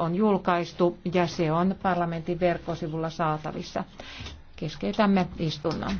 on julkaistu ja se on parlamentin verkkosivulla saatavissa. Keskeytämme istunnon.